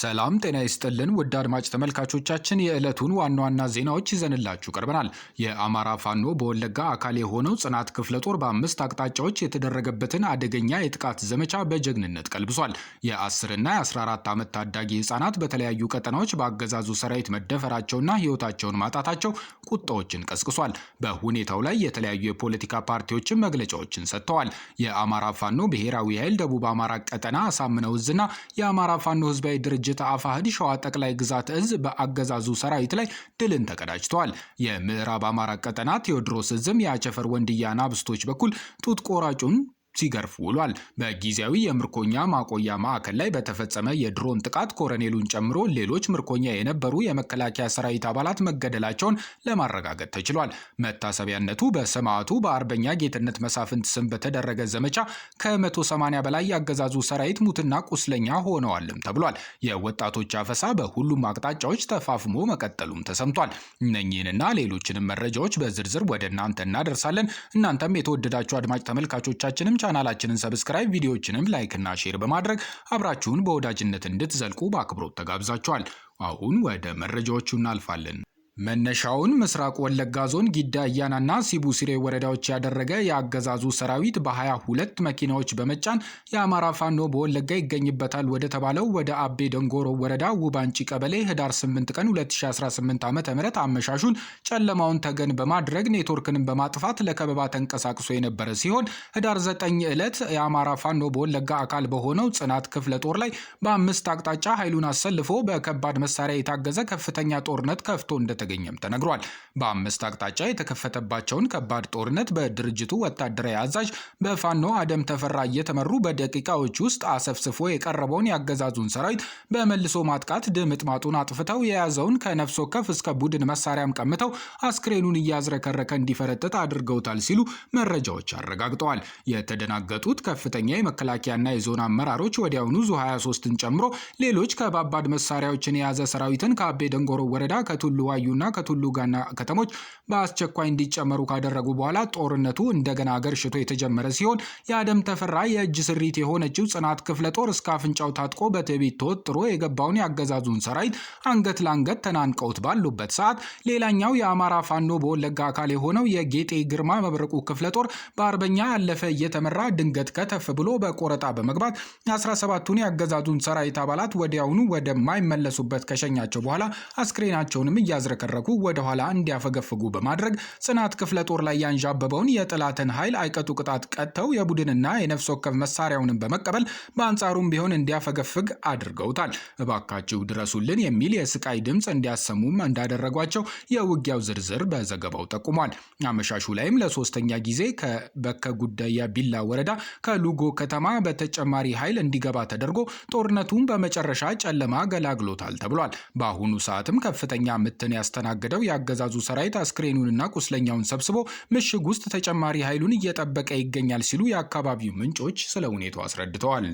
ሰላም ጤና ይስጥልን ውድ አድማጭ ተመልካቾቻችን የዕለቱን ዋና ዋና ዜናዎች ይዘንላችሁ ቀርበናል። የአማራ ፋኖ በወለጋ አካል የሆነው ጽናት ክፍለ ጦር በአምስት አቅጣጫዎች የተደረገበትን አደገኛ የጥቃት ዘመቻ በጀግንነት ቀልብሷል። የ10ና የ14 ዓመት ታዳጊ ህጻናት በተለያዩ ቀጠናዎች በአገዛዙ ሰራዊት መደፈራቸውና ህይወታቸውን ማጣታቸው ቁጣዎችን ቀስቅሷል። በሁኔታው ላይ የተለያዩ የፖለቲካ ፓርቲዎችን መግለጫዎችን ሰጥተዋል። የአማራ ፋኖ ብሔራዊ ኃይል ደቡብ አማራ ቀጠና አሳምነው እዝና የአማራ ፋኖ ህዝባዊ ድርጅት ድርጅት አፋህድ ሸዋ ጠቅላይ ግዛት እዝ በአገዛዙ ሰራዊት ላይ ድልን ተቀዳጅተዋል። የምዕራብ አማራ ቀጠና ቴዎድሮስ እዝም የአቸፈር ወንድያና ናብስቶች በኩል ጡት ቆራጩን ሲገርፍ ውሏል። በጊዜያዊ የምርኮኛ ማቆያ ማዕከል ላይ በተፈጸመ የድሮን ጥቃት ኮረኔሉን ጨምሮ ሌሎች ምርኮኛ የነበሩ የመከላከያ ሰራዊት አባላት መገደላቸውን ለማረጋገጥ ተችሏል። መታሰቢያነቱ በሰማዕቱ በአርበኛ ጌትነት መሳፍንት ስም በተደረገ ዘመቻ ከ180 በላይ ያገዛዙ ሰራዊት ሙትና ቁስለኛ ሆነዋልም ተብሏል። የወጣቶች አፈሳ በሁሉም አቅጣጫዎች ተፋፍሞ መቀጠሉም ተሰምቷል። እነኚህንና ሌሎችንም መረጃዎች በዝርዝር ወደ እናንተ እናደርሳለን። እናንተም የተወደዳችሁ አድማጭ ተመልካቾቻችንም ቻናላችንን ሰብስክራይብ፣ ቪዲዮዎችንም እና ሼር በማድረግ አብራችሁን በወዳጅነት እንድትዘልቁ በአክብሮት ተጋብዛችኋል። አሁን ወደ መረጃዎቹ እናልፋለን። መነሻውን ምስራቅ ወለጋ ዞን ጊዳ አያናና ሲቡ ሲሬ ወረዳዎች ያደረገ የአገዛዙ ሰራዊት በ ሁለት መኪናዎች በመጫን የአማራ ፋኖ በወለጋ ይገኝበታል ወደ ተባለው ወደ አቤ ደንጎሮ ወረዳ ውባንጪ ቀበሌ ህዳር 8 ቀን 2018 ዓ ም አመሻሹን ጨለማውን ተገን በማድረግ ኔትወርክንም በማጥፋት ለከበባ ተንቀሳቅሶ የነበረ ሲሆን ህዳር 9 ዕለት የአማራ ፋኖ በወለጋ አካል በሆነው ጽናት ክፍለ ጦር ላይ በአምስት አቅጣጫ ኃይሉን አሰልፎ በከባድ መሳሪያ የታገዘ ከፍተኛ ጦርነት ከፍቶ እንደ እንደተገኘም ተነግሯል። በአምስት አቅጣጫ የተከፈተባቸውን ከባድ ጦርነት በድርጅቱ ወታደራዊ አዛዥ በፋኖ አደም ተፈራ እየተመሩ በደቂቃዎች ውስጥ አሰፍስፎ የቀረበውን ያገዛዙን ሰራዊት በመልሶ ማጥቃት ድምጥማጡን አጥፍተው የያዘውን ከነፍስ ወከፍ እስከ ቡድን መሳሪያም ቀምተው አስክሬኑን እያዝረከረከ እንዲፈረጥጥ አድርገውታል ሲሉ መረጃዎች አረጋግጠዋል። የተደናገጡት ከፍተኛ የመከላከያና የዞን አመራሮች ወዲያውኑ ዙ 23ን ጨምሮ ሌሎች ከባባድ መሳሪያዎችን የያዘ ሰራዊትን ከአቤ ደንጎሮ ወረዳ ከቱሉ ዋዩ ከቡራዩና ከቱሉ ጋና ከተሞች በአስቸኳይ እንዲጨመሩ ካደረጉ በኋላ ጦርነቱ እንደገና አገርሽቶ የተጀመረ ሲሆን የአደም ተፈራ የእጅ ስሪት የሆነችው ጽናት ክፍለ ጦር እስከ አፍንጫው ታጥቆ በትዕቢት ተወጥሮ የገባውን የአገዛዙን ሰራዊት አንገት ለአንገት ተናንቀውት ባሉበት ሰዓት ሌላኛው የአማራ ፋኖ በወለጋ አካል የሆነው የጌጤ ግርማ መብረቁ ክፍለ ጦር በአርበኛ አለፈ እየተመራ ድንገት ከተፍ ብሎ በቆረጣ በመግባት 17ቱን የአገዛዙን ሰራዊት አባላት ወዲያውኑ ወደማይመለሱበት ከሸኛቸው በኋላ አስክሬናቸውንም እያዝረከ ወደ ወደኋላ እንዲያፈገፍጉ በማድረግ ጽናት ክፍለ ጦር ላይ ያንዣበበውን የጠላትን ኃይል አይቀጡ ቅጣት ቀጥተው የቡድንና የነፍስ ወከፍ መሳሪያውንም በመቀበል በአንጻሩም ቢሆን እንዲያፈገፍግ አድርገውታል። እባካችሁ ድረሱልን የሚል የስቃይ ድምፅ እንዲያሰሙም እንዳደረጓቸው የውጊያው ዝርዝር በዘገባው ጠቁሟል። አመሻሹ ላይም ለሶስተኛ ጊዜ ከበከ ጉዳያ ቢላ ወረዳ ከሉጎ ከተማ በተጨማሪ ኃይል እንዲገባ ተደርጎ ጦርነቱን በመጨረሻ ጨለማ ገላግሎታል ተብሏል። በአሁኑ ሰዓትም ከፍተኛ ምትን ያስ ያስተናገደው የአገዛዙ ሰራዊት አስክሬኑንና ቁስለኛውን ሰብስቦ ምሽግ ውስጥ ተጨማሪ ኃይሉን እየጠበቀ ይገኛል ሲሉ የአካባቢው ምንጮች ስለ ሁኔታው አስረድተዋል።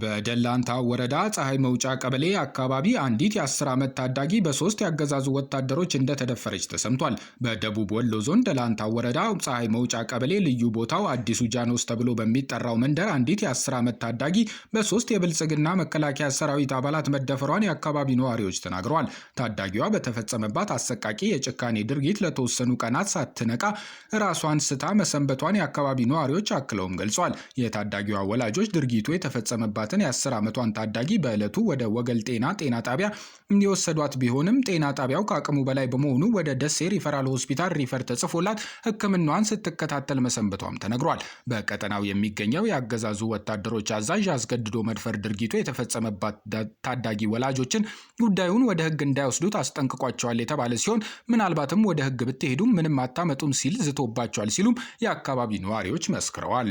በደላንታ ወረዳ ፀሐይ መውጫ ቀበሌ አካባቢ አንዲት የ10 ዓመት ታዳጊ በሶስት የአገዛዙ ወታደሮች እንደተደፈረች ተሰምቷል። በደቡብ ወሎ ዞን ደላንታ ወረዳ ፀሐይ መውጫ ቀበሌ ልዩ ቦታው አዲሱ ጃኖስ ተብሎ በሚጠራው መንደር አንዲት የ10 ዓመት ታዳጊ በሶስት የብልጽግና መከላከያ ሰራዊት አባላት መደፈሯን የአካባቢ ነዋሪዎች ተናግረዋል። ታዳጊዋ በተፈጸመባት አሰቃቂ የጭካኔ ድርጊት ለተወሰኑ ቀናት ሳትነቃ ራሷን ስታ መሰንበቷን የአካባቢ ነዋሪዎች አክለውም ገልጿል። የታዳጊዋ ወላጆች ድርጊቱ የተፈጸመባትን የ10 ዓመቷን ታዳጊ በዕለቱ ወደ ወገል ጤና ጤና ጣቢያ እንዲወሰዷት ቢሆንም ጤና ጣቢያው ከአቅሙ በላይ በመሆኑ ወደ ደሴ ሪፈራል ሆስፒታል ሪፈር ተጽፎላት ሕክምናዋን ስትከታተል መሰንበቷም ተነግሯል። በቀጠናው የሚገኘው የአገዛዙ ወታደሮች አዛዥ አስገድዶ መድፈር ድርጊቱ የተፈጸመባት ታዳጊ ወላጆችን ጉዳዩን ወደ ሕግ እንዳይወስዱት አስጠንቅቋቸዋል የተባለ ሲሆን ምናልባትም ወደ ህግ ብትሄዱም ምንም አታመጡም ሲል ዝቶባቸዋል ሲሉም የአካባቢ ነዋሪዎች መስክረዋል።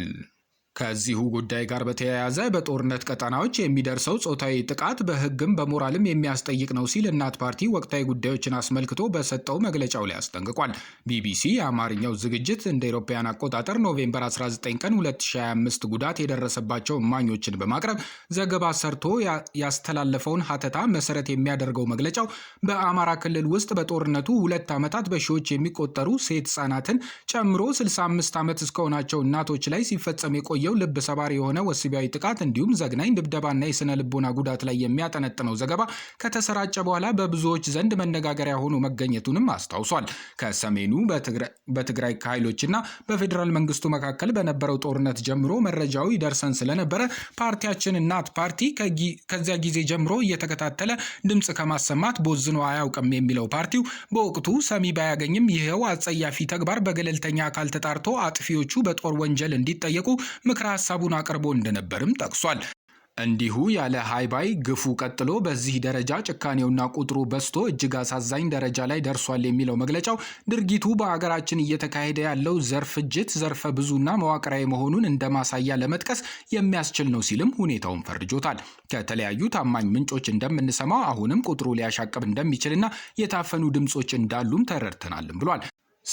ከዚሁ ጉዳይ ጋር በተያያዘ በጦርነት ቀጠናዎች የሚደርሰው ጾታዊ ጥቃት በሕግም በሞራልም የሚያስጠይቅ ነው ሲል እናት ፓርቲ ወቅታዊ ጉዳዮችን አስመልክቶ በሰጠው መግለጫው ላይ አስጠንቅቋል። ቢቢሲ የአማርኛው ዝግጅት እንደ ኤሮፓውያን አቆጣጠር ኖቬምበር 19 ቀን 2025 ጉዳት የደረሰባቸው እማኞችን በማቅረብ ዘገባ ሰርቶ ያስተላለፈውን ሀተታ መሰረት የሚያደርገው መግለጫው በአማራ ክልል ውስጥ በጦርነቱ ሁለት ዓመታት በሺዎች የሚቆጠሩ ሴት ህጻናትን ጨምሮ 65 ዓመት እስከሆናቸው እናቶች ላይ ሲፈጸም የቆየ የሚታየው ልብ ሰባሪ የሆነ ወሲባዊ ጥቃት እንዲሁም ዘግናኝ ድብደባና የስነ ልቦና ጉዳት ላይ የሚያጠነጥነው ዘገባ ከተሰራጨ በኋላ በብዙዎች ዘንድ መነጋገሪያ ሆኖ መገኘቱንም አስታውሷል። ከሰሜኑ በትግራይ ኃይሎችና በፌዴራል መንግስቱ መካከል በነበረው ጦርነት ጀምሮ መረጃው ይደርሰን ስለነበረ ፓርቲያችን እናት ፓርቲ ከዚያ ጊዜ ጀምሮ እየተከታተለ ድምፅ ከማሰማት ቦዝኖ አያውቅም የሚለው ፓርቲው በወቅቱ ሰሚ ባያገኝም ይኸው አጸያፊ ተግባር በገለልተኛ አካል ተጣርቶ አጥፊዎቹ በጦር ወንጀል እንዲጠየቁ ምክረ ሀሳቡን አቅርቦ እንደነበርም ጠቅሷል። እንዲሁ ያለ ሀይባይ ግፉ ቀጥሎ በዚህ ደረጃ ጭካኔውና ቁጥሩ በዝቶ እጅግ አሳዛኝ ደረጃ ላይ ደርሷል የሚለው መግለጫው ድርጊቱ በአገራችን እየተካሄደ ያለው ዘር ፍጅት ዘርፈ ብዙና መዋቅራዊ መሆኑን እንደ ማሳያ ለመጥቀስ የሚያስችል ነው ሲልም ሁኔታውን ፈርጆታል። ከተለያዩ ታማኝ ምንጮች እንደምንሰማው አሁንም ቁጥሩ ሊያሻቅብ እንደሚችልና የታፈኑ ድምፆች እንዳሉም ተረድተናልም ብሏል።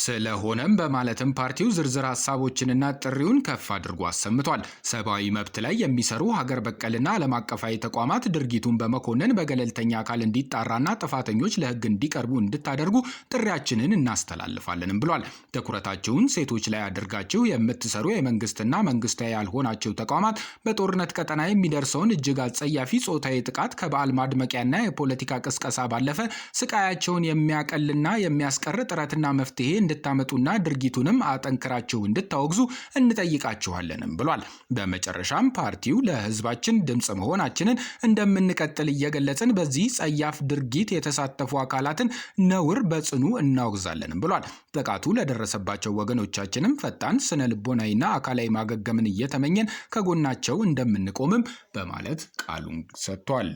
ስለሆነም በማለትም ፓርቲው ዝርዝር ሀሳቦችንና ጥሪውን ከፍ አድርጎ አሰምቷል። ሰብአዊ መብት ላይ የሚሰሩ ሀገር በቀልና ዓለም አቀፋዊ ተቋማት ድርጊቱን በመኮነን በገለልተኛ አካል እንዲጣራና ጥፋተኞች ለሕግ እንዲቀርቡ እንድታደርጉ ጥሪያችንን እናስተላልፋለንም ብሏል። ትኩረታችሁን ሴቶች ላይ አድርጋችሁ የምትሰሩ የመንግስትና መንግስታዊ ያልሆናቸው ተቋማት በጦርነት ቀጠና የሚደርሰውን እጅግ አጸያፊ ጾታዊ ጥቃት ከበዓል ማድመቂያና የፖለቲካ ቅስቀሳ ባለፈ ስቃያቸውን የሚያቀልና የሚያስቀር ጥረትና መፍትሄ እንድታመጡና ድርጊቱንም አጠንክራችሁ እንድታወግዙ እንጠይቃችኋለንም ብሏል። በመጨረሻም ፓርቲው ለህዝባችን ድምፅ መሆናችንን እንደምንቀጥል እየገለጽን በዚህ ጸያፍ ድርጊት የተሳተፉ አካላትን ነውር በጽኑ እናወግዛለንም ብሏል። ጥቃቱ ለደረሰባቸው ወገኖቻችንም ፈጣን ስነ ልቦናዊና አካላዊ ማገገምን እየተመኘን ከጎናቸው እንደምንቆምም በማለት ቃሉን ሰጥቷል።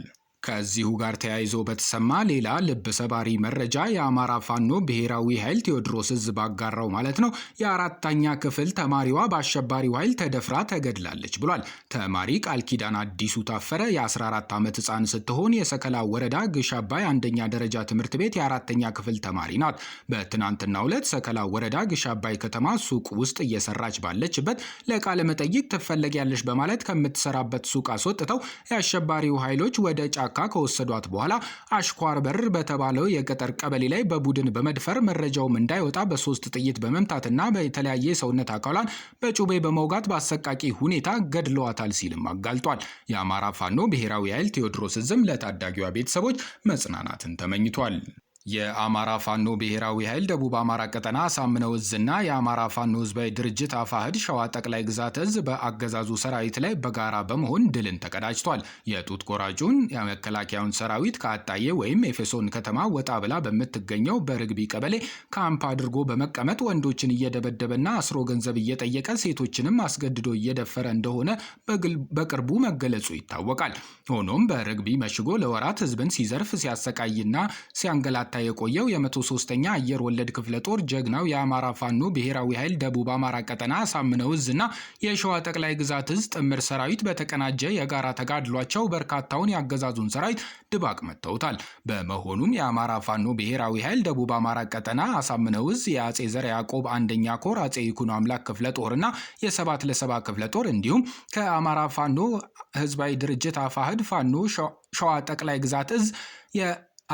ከዚሁ ጋር ተያይዞ በተሰማ ሌላ ልብ ሰባሪ መረጃ የአማራ ፋኖ ብሔራዊ ኃይል ቴዎድሮስ እዝ ባጋራው ማለት ነው የአራተኛ ክፍል ተማሪዋ በአሸባሪው ኃይል ተደፍራ ተገድላለች ብሏል። ተማሪ ቃል ኪዳን አዲሱ ታፈረ የ14 ዓመት ሕፃን ስትሆን የሰከላ ወረዳ ግሽ አባይ አንደኛ ደረጃ ትምህርት ቤት የአራተኛ ክፍል ተማሪ ናት። በትናንትና ዕለት ሰከላ ወረዳ ግሽ አባይ ከተማ ሱቅ ውስጥ እየሰራች ባለችበት ለቃለ መጠይቅ ትፈለጊያለች በማለት ከምትሰራበት ሱቅ አስወጥተው የአሸባሪው ኃይሎች ወደ ጫ ጫካ ከወሰዷት በኋላ አሽኳር በር በተባለው የገጠር ቀበሌ ላይ በቡድን በመድፈር መረጃውም እንዳይወጣ በሶስት ጥይት በመምታትና በተለያየ ሰውነት አካሏን በጩቤ በመውጋት በአሰቃቂ ሁኔታ ገድለዋታል ሲልም አጋልጧል። የአማራ ፋኖ ብሔራዊ ኃይል ቴዎድሮስ ዝም ለታዳጊዋ ቤተሰቦች መጽናናትን ተመኝቷል። የአማራ ፋኖ ብሔራዊ ኃይል ደቡብ አማራ ቀጠና አሳምነው እዝና የአማራ ፋኖ ህዝባዊ ድርጅት አፋህድ ሸዋ ጠቅላይ ግዛት እዝ በአገዛዙ ሰራዊት ላይ በጋራ በመሆን ድልን ተቀዳጅቷል። የጡት ቆራጩን የመከላከያውን ሰራዊት ከአጣዬ ወይም ኤፌሶን ከተማ ወጣ ብላ በምትገኘው በርግቢ ቀበሌ ካምፕ አድርጎ በመቀመጥ ወንዶችን እየደበደበና አስሮ ገንዘብ እየጠየቀ ሴቶችንም አስገድዶ እየደፈረ እንደሆነ በቅርቡ መገለጹ ይታወቃል። ሆኖም በርግቢ መሽጎ ለወራት ህዝብን ሲዘርፍ ሲያሰቃይና ሲያንገላ ሲያበረታታ የቆየው የመቶ ሶስተኛ አየር ወለድ ክፍለ ጦር ጀግናው የአማራ ፋኖ ብሔራዊ ኃይል ደቡብ አማራ ቀጠና ሳምነው እዝ እና የሸዋ ጠቅላይ ግዛት እዝ ጥምር ሰራዊት በተቀናጀ የጋራ ተጋድሏቸው በርካታውን የአገዛዙን ሰራዊት ድባቅ መጥተውታል። በመሆኑም የአማራ ፋኖ ብሔራዊ ኃይል ደቡብ አማራ ቀጠና አሳምነው እዝ የአጼ ዘር ያዕቆብ አንደኛ ኮር አጼ ይኩኖ አምላክ ክፍለ ጦር እና የሰባት ለሰባ ክፍለ ጦር እንዲሁም ከአማራ ፋኖ ህዝባዊ ድርጅት አፋህድ ፋኖ ሸዋ ጠቅላይ ግዛት እዝ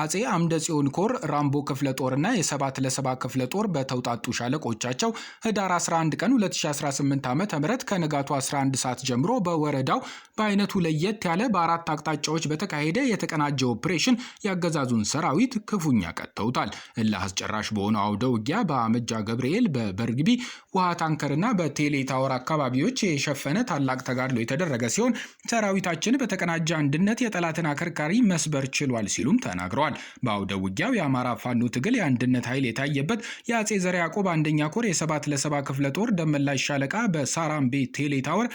አጼ አምደ ጽዮን ኮር ራምቦ ክፍለ ጦርና የሰባት ለሰባ ክፍለ ጦር በተውጣጡ ሻለቆቻቸው ህዳር 11 ቀን 2018 ዓ ም ከንጋቱ 11 ሰዓት ጀምሮ በወረዳው በአይነቱ ለየት ያለ በአራት አቅጣጫዎች በተካሄደ የተቀናጀ ኦፕሬሽን ያገዛዙን ሰራዊት ክፉኛ ቀጥተውታል። እልህ አስጨራሽ በሆነው አውደ ውጊያ በአመጃ ገብርኤል፣ በበርግቢ ውሃ ታንከርና በቴሌ ታወር አካባቢዎች የሸፈነ ታላቅ ተጋድሎ የተደረገ ሲሆን ሰራዊታችን በተቀናጀ አንድነት የጠላትን አከርካሪ መስበር ችሏል ሲሉም ተናግረዋል። ተናግረዋል። በአውደ ውጊያው የአማራ ፋኖ ትግል የአንድነት ኃይል የታየበት የአጼ ዘርዓ ያዕቆብ አንደኛ ኮር የሰባት ለሰባ ክፍለ ጦር ደመላሽ ሻለቃ በሳራምቤ ቴሌ ታወር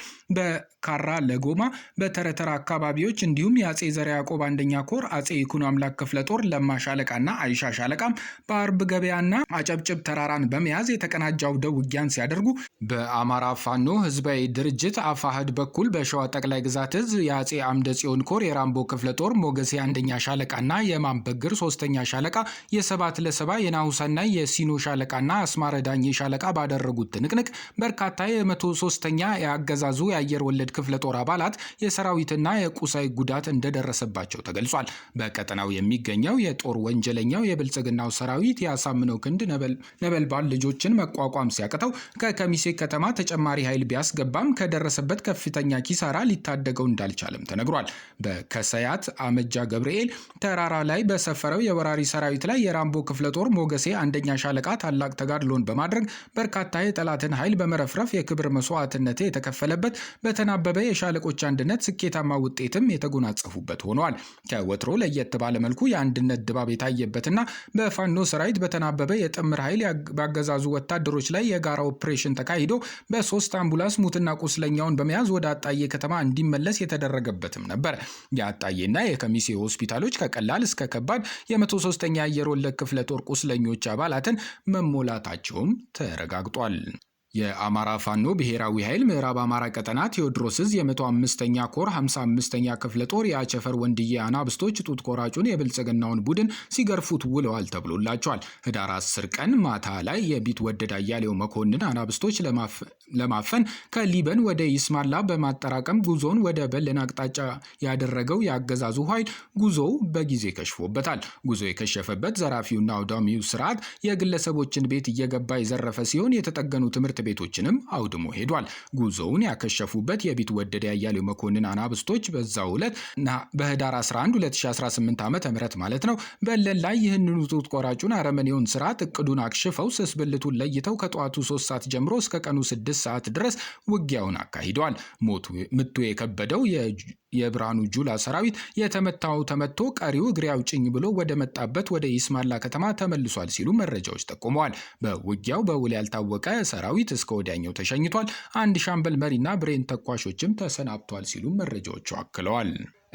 ካራ ለጎማ በተረተራ አካባቢዎች እንዲሁም የአጼ ዘርዓ ያዕቆብ አንደኛ ኮር አጼ ይኩኖ አምላክ ክፍለ ጦር ለማ ሻለቃና አይሻ ሻለቃም በአርብ ገበያና አጨብጭብ ተራራን በመያዝ የተቀናጀ አውደ ውጊያን ሲያደርጉ በአማራ ፋኖ ህዝባዊ ድርጅት አፋህድ በኩል በሸዋ ጠቅላይ ግዛት እዝ የአጼ አምደ ጽዮን ኮር የራምቦ ክፍለ ጦር ሞገሴ አንደኛ ሻለቃና የማንበግር ሶስተኛ ሻለቃ የሰባት ለሰባ የናሁሰና የሲኖ ሻለቃና አስማረ ዳኜ ሻለቃ ባደረጉት ትንቅንቅ በርካታ የመቶ ሶስተኛ የአገዛዙ የአየር ወለድ የመሐመድ ክፍለ ጦር አባላት የሰራዊትና የቁሳይ ጉዳት እንደደረሰባቸው ተገልጿል። በቀጠናው የሚገኘው የጦር ወንጀለኛው የብልጽግናው ሰራዊት የአሳምነው ክንድ ነበልባል ልጆችን መቋቋም ሲያቅተው ከከሚሴ ከተማ ተጨማሪ ኃይል ቢያስገባም ከደረሰበት ከፍተኛ ኪሳራ ሊታደገው እንዳልቻለም ተነግሯል። በከሰያት አመጃ ገብርኤል ተራራ ላይ በሰፈረው የወራሪ ሰራዊት ላይ የራምቦ ክፍለ ጦር ሞገሴ አንደኛ ሻለቃ ታላቅ ተጋድሎን በማድረግ በርካታ የጠላትን ኃይል በመረፍረፍ የክብር መስዋዕትነት የተከፈለበት በተና የተናበበ የሻለቆች አንድነት ስኬታማ ውጤትም የተጎናጸፉበት ሆነዋል። ከወትሮ ለየት ባለ መልኩ የአንድነት ድባብ የታየበትና በፋኖ ሰራዊት በተናበበ የጥምር ኃይል ባገዛዙ ወታደሮች ላይ የጋራ ኦፕሬሽን ተካሂዶ በሶስት አምቡላንስ ሙትና ቁስለኛውን በመያዝ ወደ አጣዬ ከተማ እንዲመለስ የተደረገበትም ነበር። የአጣዬና የከሚሴ ሆስፒታሎች ከቀላል እስከ ከባድ የ103ኛ አየር ወለድ ክፍለ ጦር ቁስለኞች አባላትን መሞላታቸውም ተረጋግጧል። የአማራ ፋኖ ብሔራዊ ኃይል ምዕራብ አማራ ቀጠና ቴዎድሮስ ዕዝ የመቶ አምስተኛ ኮር 55ኛ ክፍለ ጦር የአቸፈር ወንድዬ አናብስቶች ጡት ቆራጩን የብልጽግናውን ቡድን ሲገርፉት ውለዋል ተብሎላቸዋል። ህዳር 10 ቀን ማታ ላይ የቢት ወደድ አያሌው መኮንን አናብስቶች ለማፈን ከሊበን ወደ ይስማላ በማጠራቀም ጉዞውን ወደ በለን አቅጣጫ ያደረገው የአገዛዙ ኃይል ጉዞው በጊዜ ከሽፎበታል። ጉዞ የከሸፈበት ዘራፊውና አውዳሚው ስርዓት የግለሰቦችን ቤት እየገባ የዘረፈ ሲሆን የተጠገኑ ትምህርት ትምህርት ቤቶችንም አውድሞ ሄዷል። ጉዞውን ያከሸፉበት ወደደ ያያሌው መኮንን አናብስቶች በዛው ዕለት በህዳር 11 2018 ዓ ም ማለት ነው በለል ላይ ይህንኑ ጡት ቆራጩን አረመኔውን ስርዓት እቅዱን አክሽፈው ስስብልቱን ለይተው ከጠዋቱ 3 ሰዓት ጀምሮ እስከ ቀኑ 6 ሰዓት ድረስ ውጊያውን አካሂደዋል። ሞቱ ምቱ የከበደው የብርሃኑ ጁላ ሰራዊት የተመታው ተመቶ ቀሪው እግሬ አውጭኝ ብሎ ወደ መጣበት ወደ ኢስማላ ከተማ ተመልሷል ሲሉ መረጃዎች ጠቁመዋል። በውጊያው በውል ያልታወቀ ሰራዊት እስከ ወዲያኛው ተሸኝቷል። አንድ ሻምበል መሪና ብሬን ተኳሾችም ተሰናብቷል ሲሉ መረጃዎቹ አክለዋል።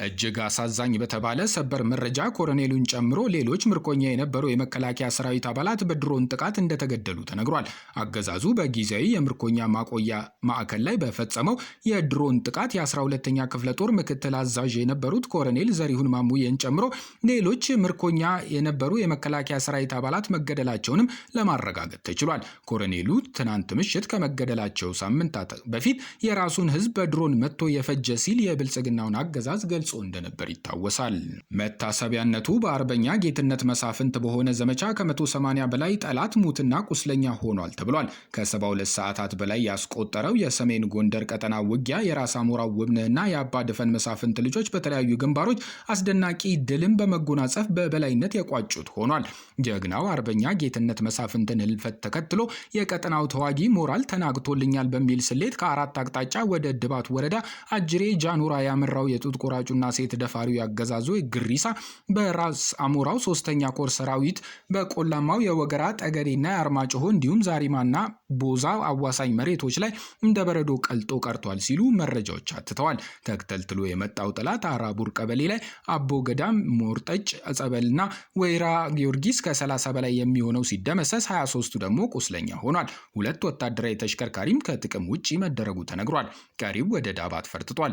እጅግ አሳዛኝ በተባለ ሰበር መረጃ ኮሎኔሉን ጨምሮ ሌሎች ምርኮኛ የነበሩ የመከላከያ ሰራዊት አባላት በድሮን ጥቃት እንደተገደሉ ተነግሯል። አገዛዙ በጊዜያዊ የምርኮኛ ማቆያ ማዕከል ላይ በፈጸመው የድሮን ጥቃት የ12ኛ ክፍለ ጦር ምክትል አዛዥ የነበሩት ኮሎኔል ዘሪሁን ማሙዬን ጨምሮ ሌሎች ምርኮኛ የነበሩ የመከላከያ ሰራዊት አባላት መገደላቸውንም ለማረጋገጥ ተችሏል። ኮሎኔሉ ትናንት ምሽት ከመገደላቸው ሳምንታት በፊት የራሱን ሕዝብ በድሮን መጥቶ የፈጀ ሲል የብልጽግናውን አገዛዝ ገል ገልጾ እንደነበር ይታወሳል። መታሰቢያነቱ በአርበኛ ጌትነት መሳፍንት በሆነ ዘመቻ ከ180 በላይ ጠላት ሙትና ቁስለኛ ሆኗል ተብሏል። ከ72 ሰዓታት በላይ ያስቆጠረው የሰሜን ጎንደር ቀጠና ውጊያ የራስ አሞራ ውብነህና የአባ ድፈን መሳፍንት ልጆች በተለያዩ ግንባሮች አስደናቂ ድልን በመጎናጸፍ በበላይነት የቋጩት ሆኗል። ጀግናው አርበኛ ጌትነት መሳፍንትን ህልፈት ተከትሎ የቀጠናው ተዋጊ ሞራል ተናግቶልኛል በሚል ስሌት ከአራት አቅጣጫ ወደ ድባት ወረዳ አጅሬ ጃኑራ ያመራው የጡት ቆራጩ አምራቹና ሴት ደፋሪው ያገዛዙ ግሪሳ በራስ አሞራው ሶስተኛ ኮር ሰራዊት በቆላማው የወገራ ጠገዴና የአርማጭሆ እንዲሁም ዛሪማና ቦዛ አዋሳኝ መሬቶች ላይ እንደ በረዶ ቀልጦ ቀርቷል ሲሉ መረጃዎች አትተዋል። ተክተልትሎ የመጣው ጠላት አራቡር ቀበሌ ላይ አቦ ገዳም፣ ሞርጠጭ ጸበልና ወይራ ጊዮርጊስ ከ30 በላይ የሚሆነው ሲደመሰስ 23ቱ ደግሞ ቁስለኛ ሆኗል። ሁለት ወታደራዊ ተሽከርካሪም ከጥቅም ውጭ መደረጉ ተነግሯል። ቀሪው ወደ ዳባት ፈርጥቷል።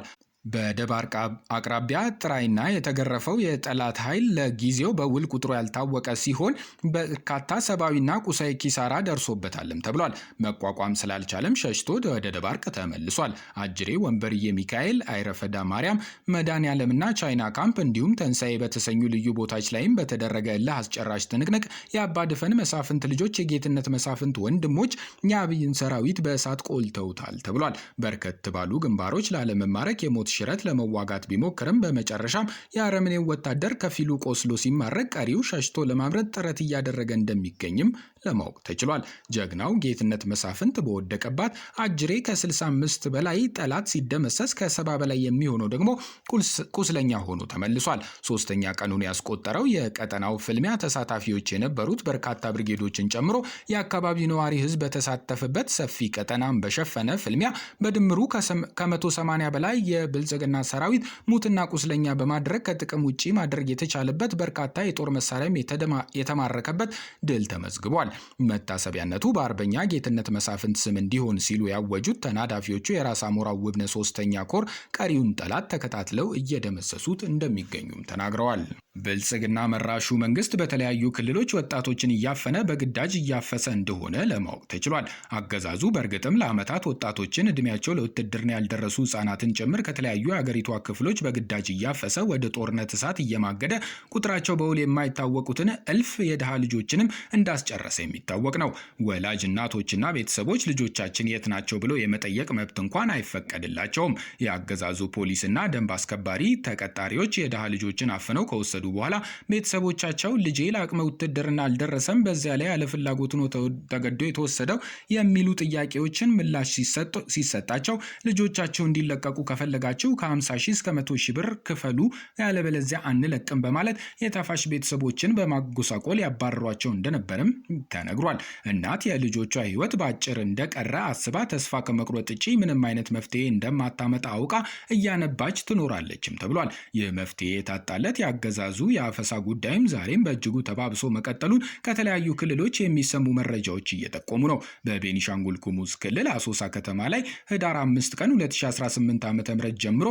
በደባርቅ አቅራቢያ ጥራይና የተገረፈው የጠላት ኃይል ለጊዜው በውል ቁጥሩ ያልታወቀ ሲሆን በርካታ ሰብአዊና ቁሳዊ ኪሳራ ደርሶበታልም ተብሏል። መቋቋም ስላልቻለም ሸሽቶ ወደ ደባርቅ ተመልሷል። አጅሬ፣ ወንበርዬ ሚካኤል፣ አይረፈዳ ማርያም፣ መድኃኔዓለምና ቻይና ካምፕ እንዲሁም ተንሳኤ በተሰኙ ልዩ ቦታዎች ላይም በተደረገ እልህ አስጨራሽ ትንቅንቅ የአባድፈን መሳፍንት ልጆች የጌትነት መሳፍንት ወንድሞች የአብይን ሰራዊት በእሳት ቆልተውታል ተብሏል። በርከት ባሉ ግንባሮች ላለመማረክ የሞት ሽረት ለመዋጋት ቢሞክርም በመጨረሻም የአረመኔው ወታደር ከፊሉ ቆስሎ ሲማረክ፣ ቀሪው ሸሽቶ ለማምረት ጥረት እያደረገ እንደሚገኝም ለማወቅ ተችሏል። ጀግናው ጌትነት መሳፍንት በወደቀባት አጅሬ ከ65 በላይ ጠላት ሲደመሰስ ከ70 በላይ የሚሆነው ደግሞ ቁስለኛ ሆኖ ተመልሷል። ሶስተኛ ቀኑን ያስቆጠረው የቀጠናው ፍልሚያ ተሳታፊዎች የነበሩት በርካታ ብርጌዶችን ጨምሮ የአካባቢው ነዋሪ ህዝብ በተሳተፈበት ሰፊ ቀጠናን በሸፈነ ፍልሚያ በድምሩ ከ180 በላይ የብልጽግና ሰራዊት ሙትና ቁስለኛ በማድረግ ከጥቅም ውጭ ማድረግ የተቻለበት በርካታ የጦር መሳሪያም የተማረከበት ድል ተመዝግቧል። መታሰቢያነቱ በአርበኛ ጌትነት መሳፍንት ስም እንዲሆን ሲሉ ያወጁት ተናዳፊዎቹ የራስ አሞራው ውብነ ሶስተኛ ኮር ቀሪውን ጠላት ተከታትለው እየደመሰሱት እንደሚገኙም ተናግረዋል። ብልጽግና መራሹ መንግስት በተለያዩ ክልሎች ወጣቶችን እያፈነ በግዳጅ እያፈሰ እንደሆነ ለማወቅ ተችሏል። አገዛዙ በእርግጥም ለዓመታት ወጣቶችን እድሜያቸው ለውትድርና ያልደረሱ ህጻናትን ጭምር ከተለያዩ የአገሪቷ ክፍሎች በግዳጅ እያፈሰ ወደ ጦርነት እሳት እየማገደ ቁጥራቸው በውል የማይታወቁትን እልፍ የድሃ ልጆችንም እንዳስጨረሰ የሚታወቅ ነው። ወላጅ እናቶችና ቤተሰቦች ልጆቻችን የት ናቸው ብሎ የመጠየቅ መብት እንኳን አይፈቀድላቸውም። የአገዛዙ ፖሊስና ደንብ አስከባሪ ተቀጣሪዎች የድሃ ልጆችን አፍነው ከወሰዱ በኋላ ቤተሰቦቻቸው ልጄ ለአቅመ ውትድርና አልደረሰም፣ በዚያ ላይ ያለፍላጎት ነው ተገዶ የተወሰደው የሚሉ ጥያቄዎችን ምላሽ ሲሰጣቸው ልጆቻቸው እንዲለቀቁ ከፈለጋችሁ ከ50 ሺህ እስከ 100 ሺህ ብር ክፈሉ፣ ያለበለዚያ አንለቅም በማለት የታፋሽ ቤተሰቦችን በማጎሳቆል ያባረሯቸው እንደነበርም ተነግሯል። እናት የልጆቿ ህይወት በአጭር እንደቀረ አስባ ተስፋ ከመቁረጥ ውጪ ምንም አይነት መፍትሄ እንደማታመጣ አውቃ እያነባች ትኖራለችም ተብሏል። ይህ መፍትሄ የታጣለት የአገዛዙ የአፈሳ ጉዳይም ዛሬም በእጅጉ ተባብሶ መቀጠሉን ከተለያዩ ክልሎች የሚሰሙ መረጃዎች እየጠቆሙ ነው። በቤኒሻንጉል ጉሙዝ ክልል አሶሳ ከተማ ላይ ህዳር 5 ቀን 2018 ዓ.ም ጀምሮ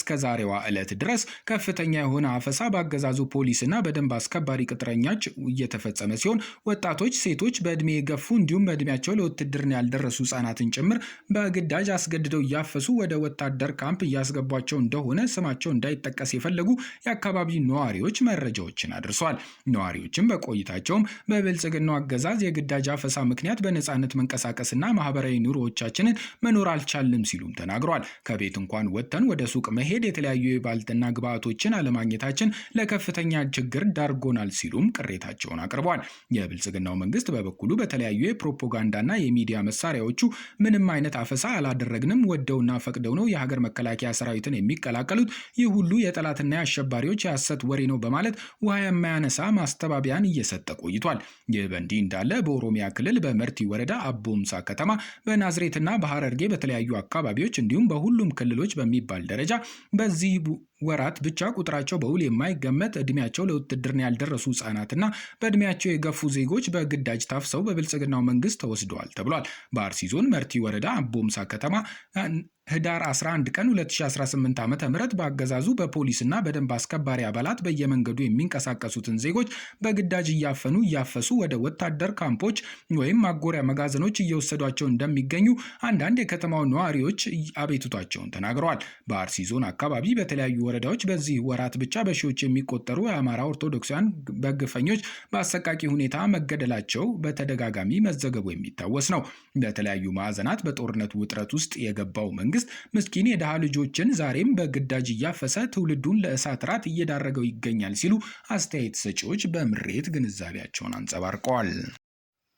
እስከ ዛሬዋ ዕለት ድረስ ከፍተኛ የሆነ አፈሳ በአገዛዙ ፖሊስና በደንብ አስከባሪ ቅጥረኞች እየተፈጸመ ሲሆን ወጣቶች ሴቶች በእድሜ የገፉ እንዲሁም በእድሜያቸው ለውትድርና ያልደረሱ ህጻናትን ጭምር በግዳጅ አስገድደው እያፈሱ ወደ ወታደር ካምፕ እያስገቧቸው እንደሆነ ስማቸው እንዳይጠቀስ የፈለጉ የአካባቢ ነዋሪዎች መረጃዎችን አድርሷል። ነዋሪዎችም በቆይታቸውም በብልጽግናው አገዛዝ የግዳጅ አፈሳ ምክንያት በነፃነት መንቀሳቀስና ማህበራዊ ኑሮዎቻችንን መኖር አልቻልም ሲሉም ተናግሯል። ከቤት እንኳን ወጥተን ወደ ሱቅ መሄድ፣ የተለያዩ የባልትና ግብዓቶችን አለማግኘታችን ለከፍተኛ ችግር ዳርጎናል ሲሉም ቅሬታቸውን አቅርቧል። የብልጽግናው መንግስት በበኩሉ በተለያዩ የፕሮፓጋንዳና የሚዲያ መሳሪያዎቹ ምንም አይነት አፈሳ አላደረግንም፣ ወደውና ፈቅደው ነው የሀገር መከላከያ ሰራዊትን የሚቀላቀሉት፣ ይህ ሁሉ የጠላትና የአሸባሪዎች የሐሰት ወሬ ነው በማለት ውሃ የማያነሳ ማስተባበያን እየሰጠ ቆይቷል። ይህ በእንዲህ እንዳለ በኦሮሚያ ክልል በመርቲ ወረዳ አቦምሳ ከተማ፣ በናዝሬትና በሀረርጌ በተለያዩ አካባቢዎች እንዲሁም በሁሉም ክልሎች በሚባል ደረጃ በዚህ ወራት ብቻ ቁጥራቸው በውል የማይገመት እድሜያቸው ለውትድርና ያልደረሱ ህጻናት ና በእድሜያቸው የገፉ ዜጎች በግዳጅ ታፍሰው በብልጽግናው መንግስት ተወስደዋል ተብሏል። በአርሲ ዞን መርቲ ወረዳ አቦምሳ ከተማ ህዳር 11 ቀን 2018 ዓ ም በአገዛዙ በፖሊስና በደንብ አስከባሪ አባላት በየመንገዱ የሚንቀሳቀሱትን ዜጎች በግዳጅ እያፈኑ እያፈሱ ወደ ወታደር ካምፖች ወይም ማጎሪያ መጋዘኖች እየወሰዷቸው እንደሚገኙ አንዳንድ የከተማው ነዋሪዎች አቤቱታቸውን ተናግረዋል። በአርሲ ዞን አካባቢ በተለያዩ ወረዳዎች በዚህ ወራት ብቻ በሺዎች የሚቆጠሩ የአማራ ኦርቶዶክሳውያን በግፈኞች በአሰቃቂ ሁኔታ መገደላቸው በተደጋጋሚ መዘገቡ የሚታወስ ነው። በተለያዩ ማዕዘናት በጦርነቱ ውጥረት ውስጥ የገባው መንግስት መንግስት ምስኪን የድሃ ልጆችን ዛሬም በግዳጅ እያፈሰ ትውልዱን ለእሳት ራት እየዳረገው ይገኛል ሲሉ አስተያየት ሰጪዎች በምሬት ግንዛቤያቸውን አንጸባርቀዋል።